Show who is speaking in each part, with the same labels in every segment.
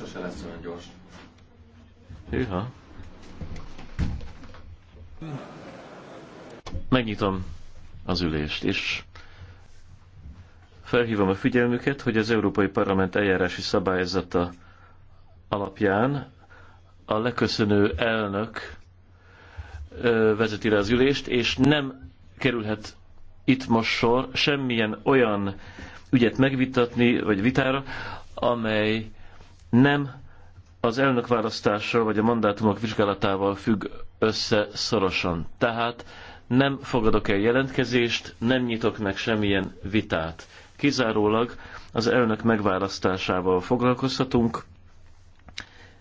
Speaker 1: sose lesz olyan gyors. Hűha. Megnyitom az ülést, és felhívom a figyelmüket, hogy az Európai Parlament eljárási szabályzata alapján a leköszönő elnök vezeti le az ülést, és nem kerülhet itt most sor semmilyen olyan ügyet megvitatni, vagy vitára, amely nem az elnök választással vagy a mandátumok vizsgálatával függ össze szorosan. Tehát nem fogadok el jelentkezést, nem nyitok meg semmilyen vitát. Kizárólag az elnök megválasztásával foglalkozhatunk,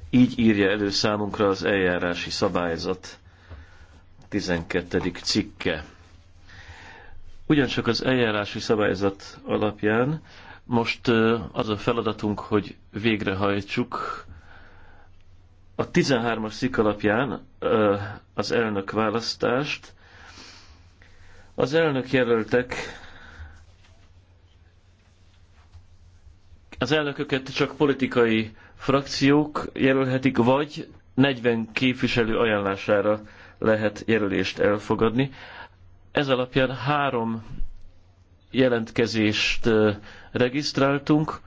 Speaker 1: így írja elő számunkra az eljárási szabályzat 12. cikke. Ugyancsak az eljárási szabályzat alapján most az a feladatunk, hogy végrehajtsuk a 13-as szik alapján az elnök választást. Az elnök jelöltek az elnököket csak politikai frakciók jelölhetik, vagy 40 képviselő ajánlására lehet jelölést elfogadni. Ez alapján három jelentkezést regisztráltunk.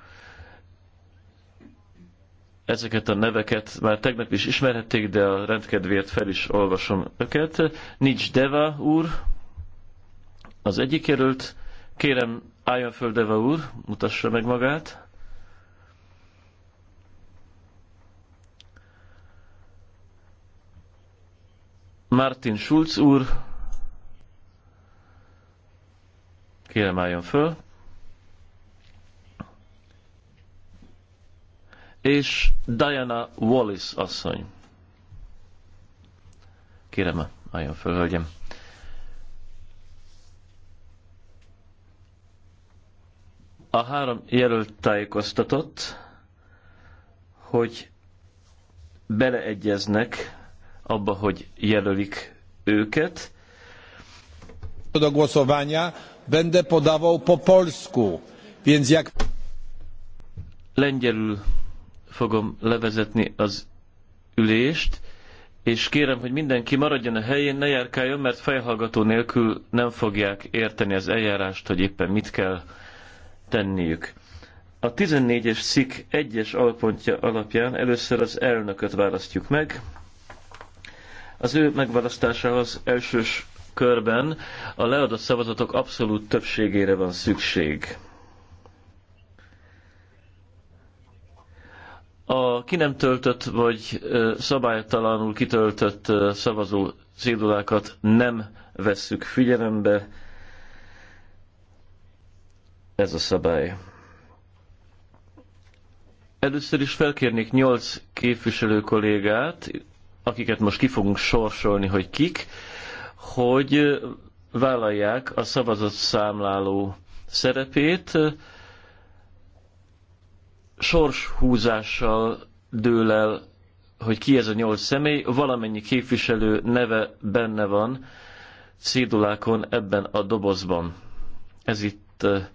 Speaker 1: Ezeket a neveket már tegnap is ismerhették, de a rendkedvéért fel is olvasom őket. Nincs Deva úr, az egyik jelölt. Kérem, álljon föl Deva úr, mutassa meg magát. Martin Schulz úr, Kérem álljon föl. És Diana Wallis asszony. Kérem, álljon föl, hölgyem. A három jelölt tájékoztatott, hogy beleegyeznek abba, hogy jelölik őket.
Speaker 2: Do głosowania będę podawał po polsku, więc jak...
Speaker 1: Lengyelül fogom levezetni az ülést, és kérem, hogy mindenki maradjon a helyén, ne járkáljon, mert fejhallgató nélkül nem fogják érteni az eljárást, hogy éppen mit kell tenniük. A 14-es szik egyes alpontja alapján először az elnököt választjuk meg. Az ő megválasztásához elsős körben a leadott szavazatok abszolút többségére van szükség. A ki nem töltött vagy szabálytalanul kitöltött szavazó cédulákat nem vesszük figyelembe. Ez a szabály. Először is felkérnék nyolc képviselő kollégát, akiket most ki fogunk sorsolni, hogy kik, hogy vállalják a szavazat számláló szerepét, sorshúzással dől el, hogy ki ez a nyolc személy, valamennyi képviselő neve benne van cédulákon ebben a dobozban. Ez itt eh,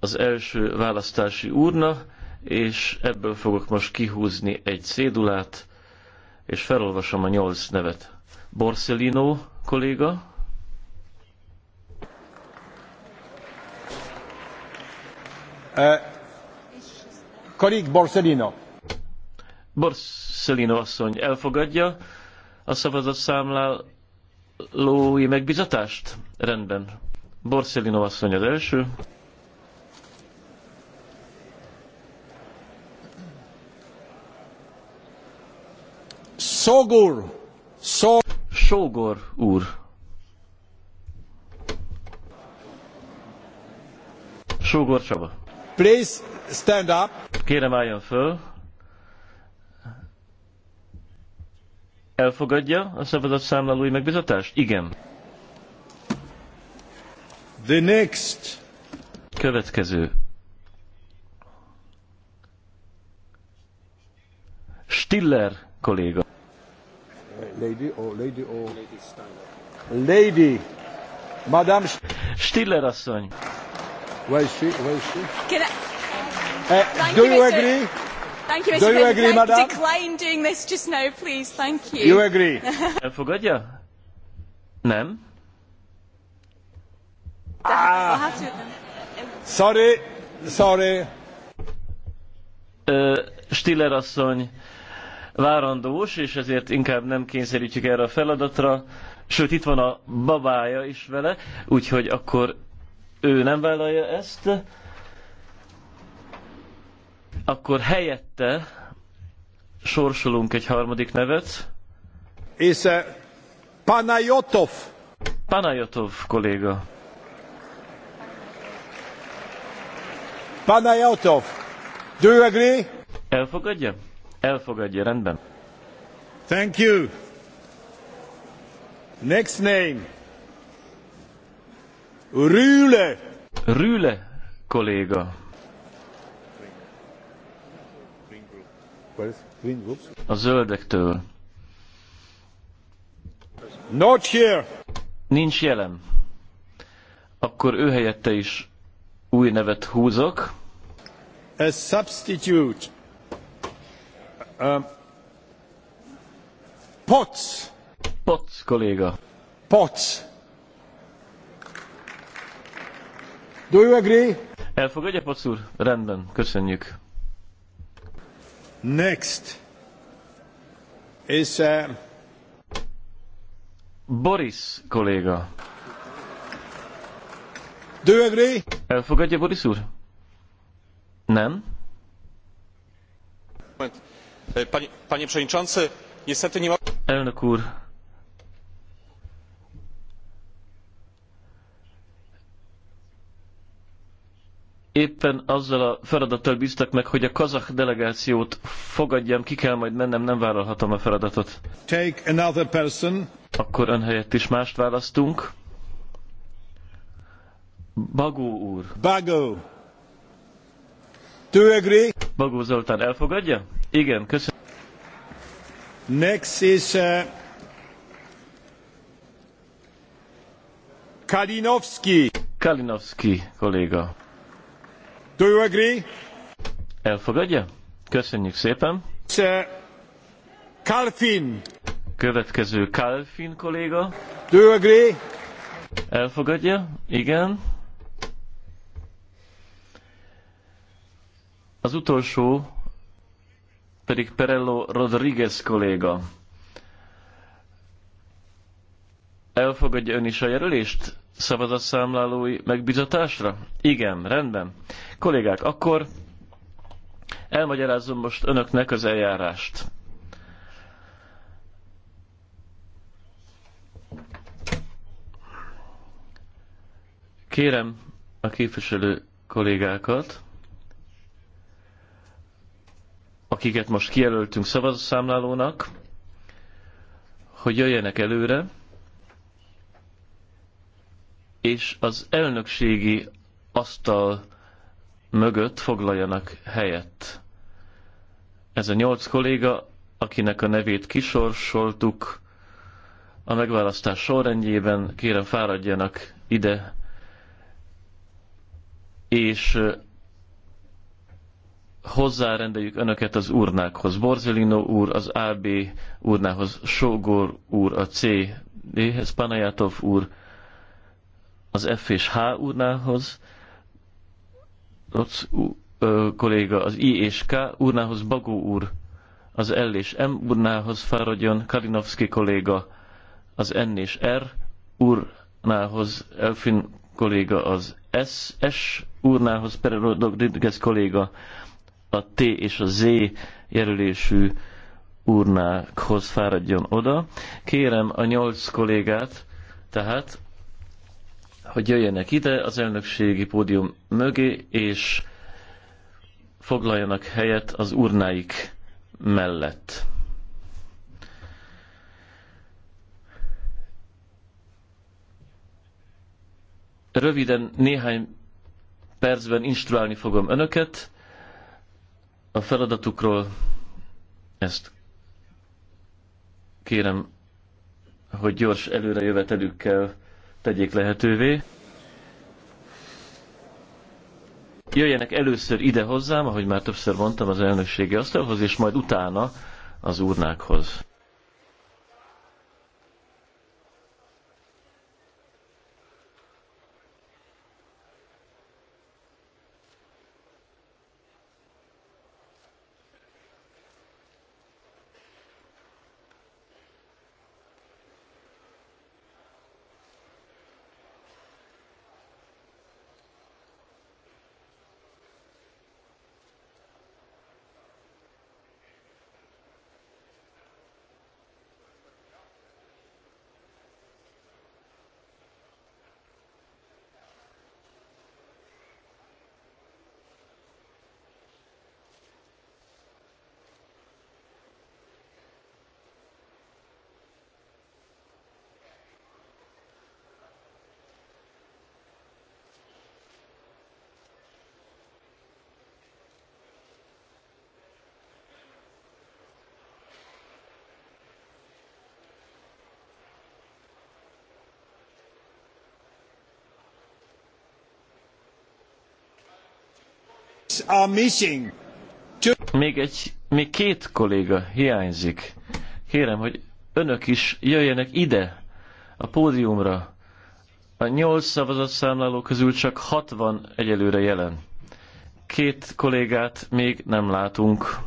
Speaker 1: az első választási urna, és ebből fogok most kihúzni egy cédulát, és felolvasom a nyolc nevet. Borsellino kolléga. Uh, Karik Borsellino. Borsellino asszony elfogadja a szavazatszámlálói megbizatást? Rendben. Borsellino asszony az első. Szogur! Szog... Sógor úr. Sógor Csaba. Please stand up. Kérem álljon föl. Elfogadja a számlálói megbizatást? Igen. The next. Következő. Stiller kolléga.
Speaker 2: Lady O, Lady
Speaker 1: Lady. Madame Stiller asszony. Where is she? Where is she? Can I... Uh, do you, agree?
Speaker 2: Thank you, Mr. Do you agree, I madam?
Speaker 1: decline doing this just now, please? Thank you. You agree? Elfogadja? Nem? Ah. Sorry, sorry. Stiller asszony várandós, és ezért inkább nem kényszerítjük erre a feladatra. Sőt, itt van a babája is vele, úgyhogy akkor ő nem vállalja ezt. Akkor helyette sorsolunk egy harmadik nevet. És eh, Panajotov. Panajotov kolléga. Panajotov, do you agree? Elfogadja? Elfogadja, rendben. Thank you.
Speaker 2: Next name. Rüle.
Speaker 1: Rüle kolléga. A zöldektől. Not here. Nincs jelen. Akkor ő helyette is új nevet húzok. A substitute. Uh, Potts. Potts kolléga. Potts. Do you agree? Elfogadja, Potts úr? Rendben, köszönjük. Next is uh... Boris kolléga. Do you agree? Elfogadja, Boris úr? Nem. Moment. E, panie przewodniczący, niestety nie Elnök úr, éppen azzal a feladattal bíztak meg, hogy a kazakh delegációt fogadjam, ki kell majd mennem, nem vállalhatom a feladatot. Take another person. Akkor ön helyett is mást választunk. Bagó úr. Bagó. Do agree? Bagó Zoltán elfogadja? Igen, köszönöm. Next is uh, Kalinowski. Kalinowski kolléga. Do you agree? Elfogadja? Köszönjük szépen. Uh, Kalfin. Következő Kalfin kolléga. Do you agree? Elfogadja? Igen. Az utolsó pedig Perello Rodriguez kolléga. Elfogadja ön is a jelölést szavazatszámlálói megbizatásra? Igen, rendben. Kollégák, akkor elmagyarázom most önöknek az eljárást. Kérem a képviselő kollégákat, akiket most kijelöltünk szavazószámlálónak, hogy jöjjenek előre, és az elnökségi asztal mögött foglaljanak helyet. Ez a nyolc kolléga, akinek a nevét kisorsoltuk, a megválasztás sorrendjében kérem fáradjanak ide, és hozzárendeljük önöket az urnákhoz. Borzelino úr az AB urnához, Sógor úr a C-hez, Panajátov úr az F és H urnához, Rocz kolléga az I és K urnához, Bagó úr az L és M urnához, Fáradjon Kalinowski kolléga az N és R urnához, Elfin kolléga az S, S urnához, Perelodog Didges kolléga a T és a Z jelölésű urnákhoz fáradjon oda. Kérem a nyolc kollégát, tehát, hogy jöjjenek ide az elnökségi pódium mögé, és foglaljanak helyet az urnáik mellett. Röviden néhány percben instruálni fogom önöket, a feladatukról. Ezt kérem, hogy gyors előrejövetelükkel tegyék lehetővé. Jöjjenek először ide hozzám, ahogy már többször mondtam, az elnökségi asztalhoz, és majd utána az urnákhoz.
Speaker 2: are missing.
Speaker 1: Még egy, még két kolléga hiányzik. Kérem, hogy önök is jöjjenek ide, a pódiumra. A nyolc szavazatszámláló közül csak van egyelőre jelen. Két kollégát még nem látunk.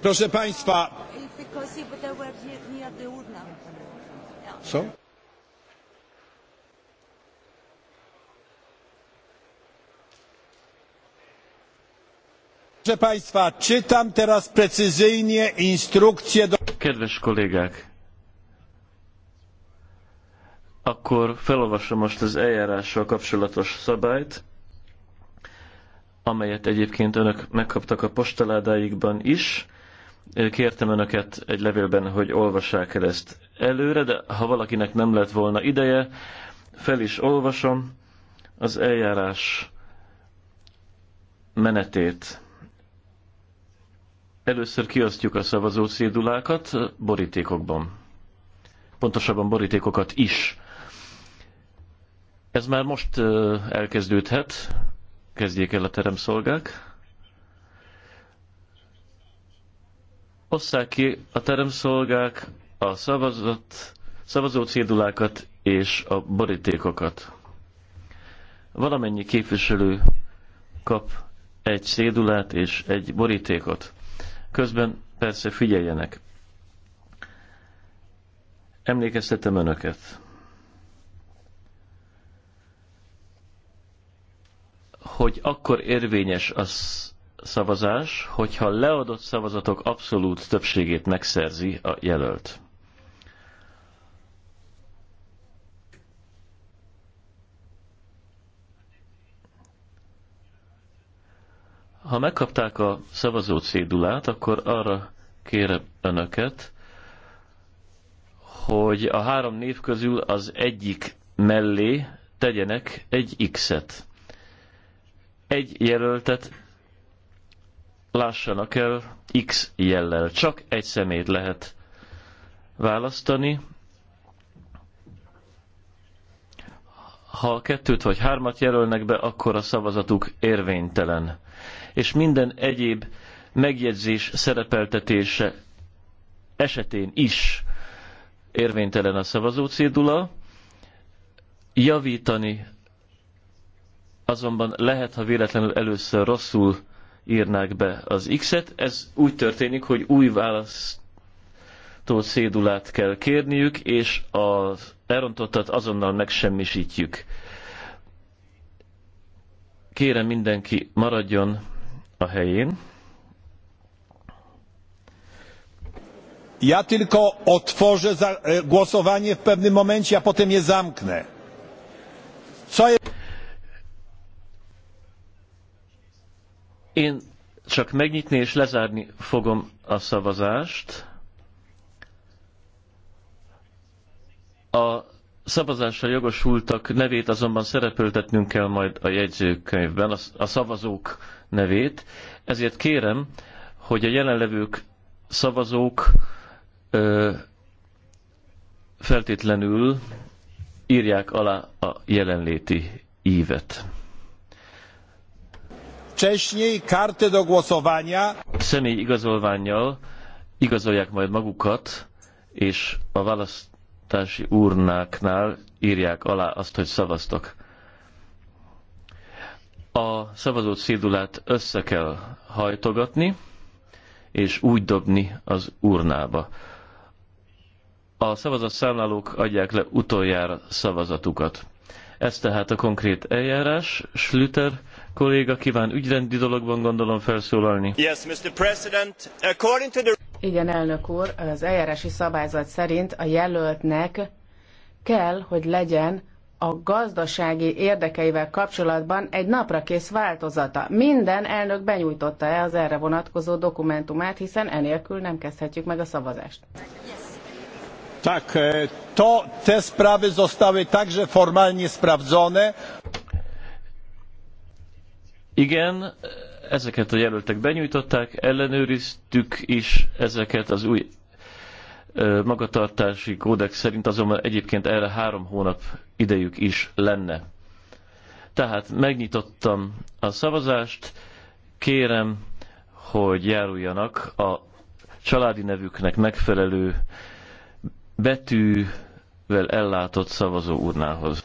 Speaker 2: Proszę Państwa, So?
Speaker 1: Proszę Państwa, czytam teraz precyzyjnie instrukcję do... Kedves kollégák, akkor felolvasom most az eljárással kapcsolatos szabályt, amelyet egyébként önök megkaptak a postaládáikban is. Kértem önöket egy levélben, hogy olvassák el ezt előre, de ha valakinek nem lett volna ideje, fel is olvasom az eljárás menetét. Először kiosztjuk a szavazó szédulákat borítékokban. Pontosabban borítékokat is. Ez már most elkezdődhet. Kezdjék el a teremszolgák. Osszák ki a teremszolgák a szavazat, szavazó cédulákat és a borítékokat. Valamennyi képviselő kap egy cédulát és egy borítékot. Közben persze figyeljenek. Emlékeztetem önöket, hogy akkor érvényes a szavazás, hogyha leadott szavazatok abszolút többségét megszerzi a jelölt. Ha megkapták a szavazó cédulát, akkor arra kérem önöket, hogy a három név közül az egyik mellé tegyenek egy X-et. Egy jelöltet lássanak el X jellel. Csak egy szemét lehet választani. Ha kettőt vagy hármat jelölnek be, akkor a szavazatuk érvénytelen és minden egyéb megjegyzés szerepeltetése esetén is érvénytelen a szavazó cédula. Javítani azonban lehet, ha véletlenül először rosszul írnák be az X-et. Ez úgy történik, hogy új választó cédulát kell kérniük, és az elrontottat azonnal megsemmisítjük. Kérem mindenki maradjon a helyén. Ja tylko otworzę za, e, głosowanie w pewnym momencie, a potem je zamknę. Co je... Én csak megnyitni és lezárni fogom a szavazást. A szavazásra jogosultak nevét azonban szerepeltetnünk kell majd a jegyzőkönyvben, a szavazók nevét. Ezért kérem, hogy a jelenlevők szavazók ö, feltétlenül írják alá a jelenléti ívet. Cześniej karty do głosowania. Személy igazolványjal igazolják majd magukat, és a választ választási urnáknál írják alá azt, hogy szavaztok. A szavazó szédulát össze kell hajtogatni, és úgy dobni az urnába. A szavazatszámlálók adják le utoljára szavazatukat. Ez tehát a konkrét eljárás. Schlüter kolléga kíván ügyrendi dologban gondolom felszólalni.
Speaker 2: Yes, Mr. President, according to the... Igen, elnök úr, az eljárási szabályzat szerint a jelöltnek kell, hogy legyen a gazdasági érdekeivel kapcsolatban egy naprakész változata. Minden elnök benyújtotta el az erre vonatkozó dokumentumát, hiszen enélkül nem kezdhetjük meg a szavazást.
Speaker 1: Tak, e, to te sprawy zostały także formalnie sprawdzone. Igen, ezeket a jelöltek benyújtották, ellenőriztük is ezeket az új magatartási kódex szerint, azonban egyébként erre három hónap idejük is lenne. Tehát megnyitottam a szavazást, kérem, hogy járuljanak a családi nevüknek megfelelő betűvel ellátott szavazó urnához.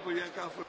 Speaker 1: vogliamo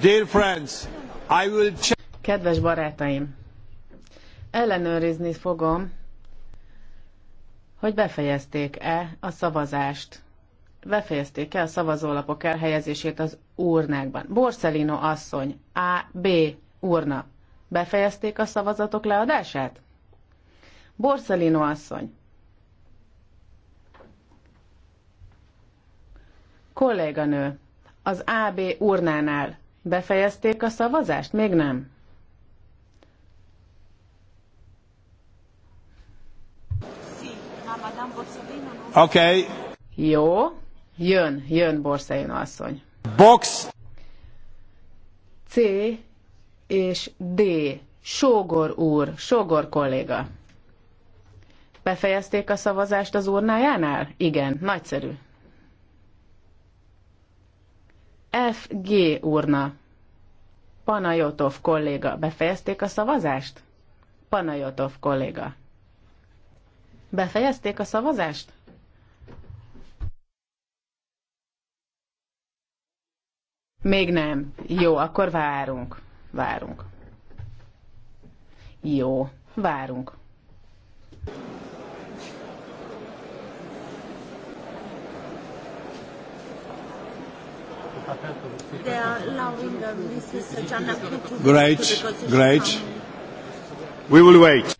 Speaker 2: Dear friends, I will Kedves barátaim, ellenőrizni fogom, hogy befejezték-e a szavazást. Befejezték-e a szavazólapok elhelyezését az urnákban. Borszelino asszony, A, B, urna. Befejezték a szavazatok leadását? Borszelino asszony. Kolléganő, az AB urnánál. Befejezték a szavazást? Még nem. Oké. Okay. Jó. Jön, jön Borszain asszony. Box. C és D. Sógor úr, Sógor kolléga. Befejezték a szavazást az urnájánál? Igen, nagyszerű. FG urna. Panajotov kolléga. Befejezték a szavazást? Panajotov kolléga. Befejezték a szavazást? Még nem. Jó, akkor várunk. Várunk. Jó, várunk. Great, great. We will wait.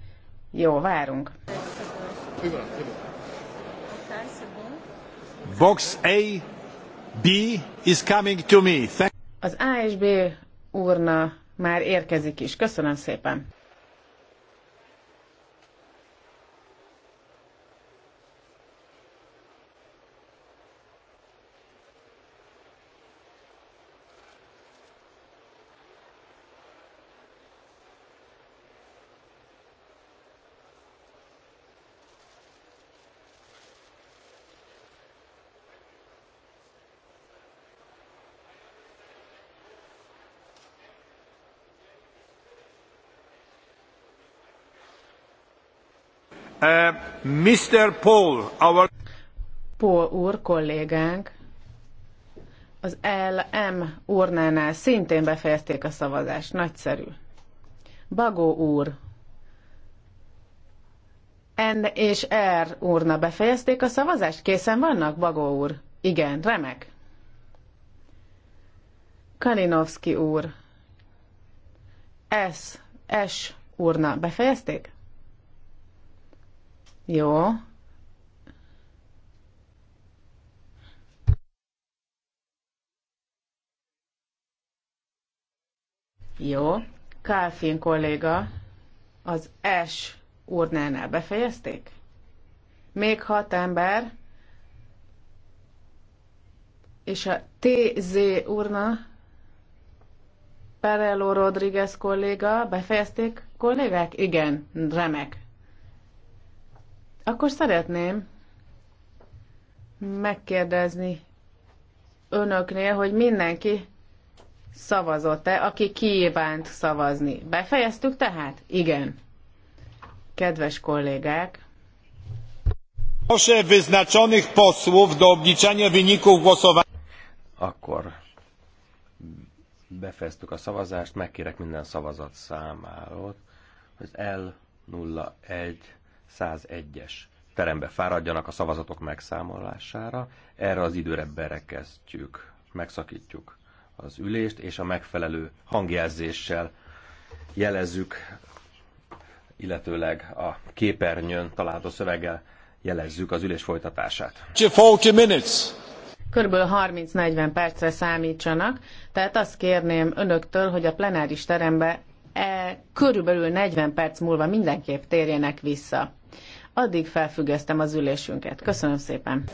Speaker 2: Jó, várunk. Box A, B is coming to me. Thank Az A és B urna már érkezik is. Köszönöm szépen.
Speaker 1: Mr. Paul,
Speaker 2: our... Paul úr, kollégánk, az LM urnánál szintén befejezték a szavazást. Nagyszerű. Bagó úr, N és R úrna befejezték a szavazást? Készen vannak, Bagó úr? Igen, remek. Kalinowski úr, S, S úrna befejezték? Jó. Jó. Kálfin kolléga, az S urnánál befejezték? Még hat ember, és a TZ urna, Perello Rodriguez kolléga, befejezték kollégák? Igen, remek. Akkor szeretném megkérdezni önöknél, hogy mindenki szavazott-e, aki kívánt szavazni. Befejeztük tehát? Igen. Kedves kollégák! Proszę
Speaker 1: wyznaczonych posłów do obliczania wyników głosowania. Akkor befejeztük a szavazást, megkérek minden szavazat számáról, hogy L01 101-es terembe fáradjanak a szavazatok megszámolására. Erre az időre berekeztjük, megszakítjuk az ülést, és a megfelelő hangjelzéssel jelezzük, illetőleg a képernyőn található szöveggel jelezzük az
Speaker 2: ülés folytatását. 40 minutes. Körülbelül 30-40 percre számítsanak, tehát azt kérném önöktől, hogy a plenáris terembe E, körülbelül 40 perc múlva mindenképp térjenek vissza. Addig felfüggesztem az ülésünket. Köszönöm szépen!